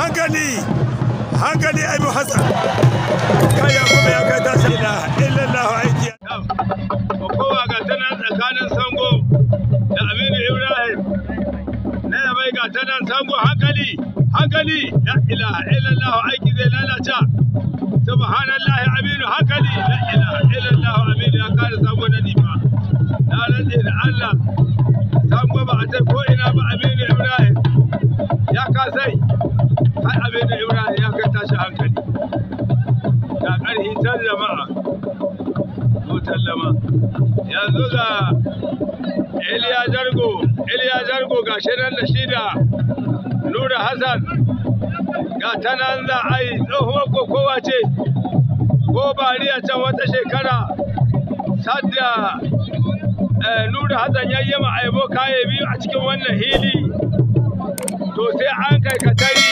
hankali hankali abu hassan kaya kuma ya kai tashi ila illallah aiki kowa ga tana tsakanin sango da aminu ibrahim na ya bai ga tana sango hankali hankali la ilaha illallah aiki zai lalata subhanallah aminu hankali la ilaha illallah aminu ya kare sango da nifa na rantsi da allah sango ba a ko ina ba aminu ibrahim ya kasai har abin da ibrahim ya kai tashi hankali da ƙarfi can jama'a motar lama yanzu ga iliya jargo iliya jargo ga shirin da shi da nura hassan ga ta nan za a yi tsohuwar kokowa ce ko bariya can wata shekara sadda eh, nura hassan ya yi ma aibo kaye biyu a cikin wannan hili to sai an kai katari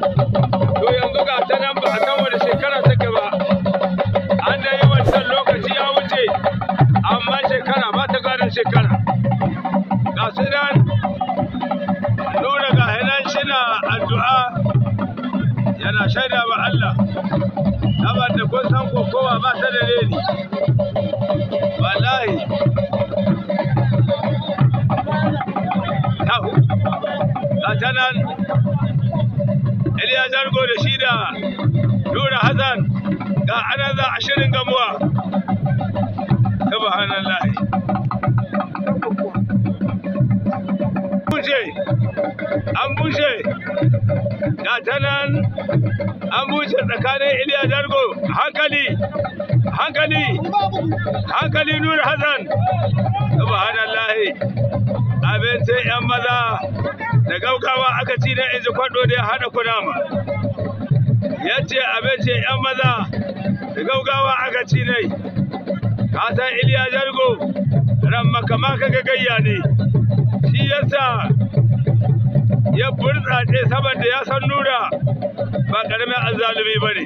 to yanzu ga ta nan ba a kan wani shekara take ba an da yi wancan lokaci ya wuce amma shekara ba ta gane shekara ga su nan nuna ga hinan shina addu'a yana shaida wa Allah saboda kun san kokowa ba ta da reni wallahi ta nan Yahaya Jargo da shi da Nura Hassan ga anan za a shirin gamuwa. Subhanallah. Kuje. an bushe ga ta nan an bushe tsakanin iliya dargo hankali hankali hankali nur hassan subhanallahi abincin yan maza da gaugawa aka ci na inji kwado da ya haɗa kunama ya ce abincin yan maza da gaugawa aka ci ne ka san iliya dargo ran maka maka gagayya ne shi yasa ya burtsatse saboda ya san nura ba karamin azalumi ba ne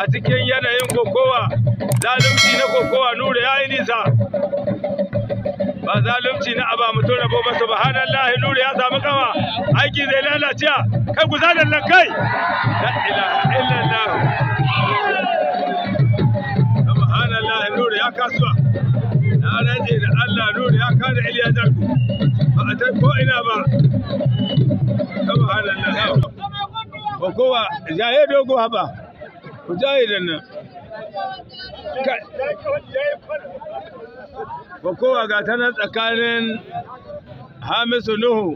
a cikin yanayin kokowa zalunci na kokowa nura ya yi nisa ba zalunci na aba mutum su ba lahi nura ya samu kama aiki zai lalacewa. kai guzalar nan kai da ilaha illallah nura ya kasuwa na rage da Allah nura ya kare iliyar Zarko ba a ta ko ina ba kowa jaye dogo haba ku jaye da nan ba kowa ga ta nan tsakanin hamisu nuhu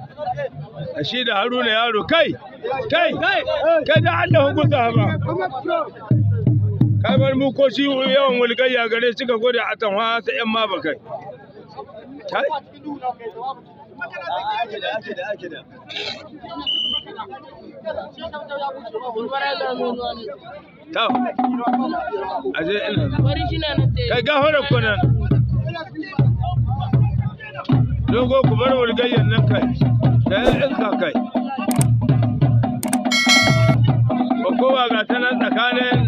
da shi da haruna yaro kai kai kai da allah hukunta haba kamar mu ko shi yawan wulgayya gare ka gode a tanwa ta yan mabakai Ta, aje ina. ga horar kunan. Dogo ku bar wulgayyan nan kai, da ‘yan kai. Kowa ga ta nan tsakanin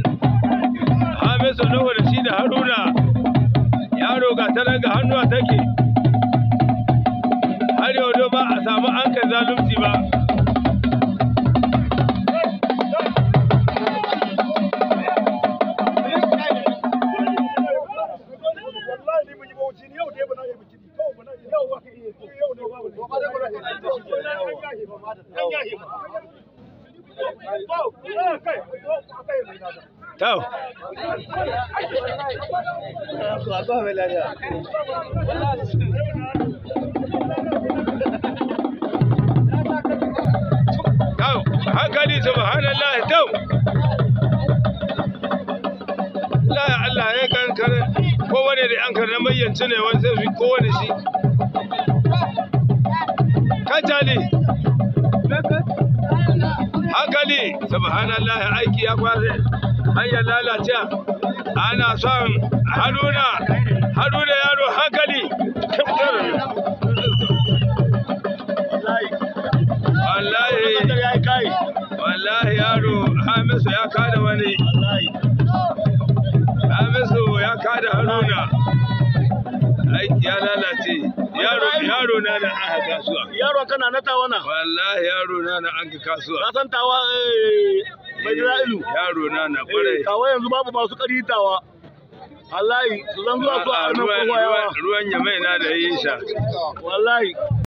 Hamisu Nuhu da shi da Haruna, yaro ga ta nan ga hannuwa take. samu an kan zalunci ba Tau. Aku aku ambil aja. subhanallah dau la Allah ya kankare ko wani da an karna mayyanci ne ko wani shi kajali hankali subhanallah aiki ya kware hanyar lalace ana son haruna haruna yaro hankali Hamisu ya kada wani Hamisu ya kada Haruna aiki ya lalace yaro yaro na na aka kasuwa yaro kana na tawa na wallahi yaro na na an kasuwa Na san tawa eh mai ilu yaro na na kwarai eh, tawa yanzu babu masu karitawa wallahi su zan zuwa su a nan kowa yawa ruwan yamai na da yin sha wallahi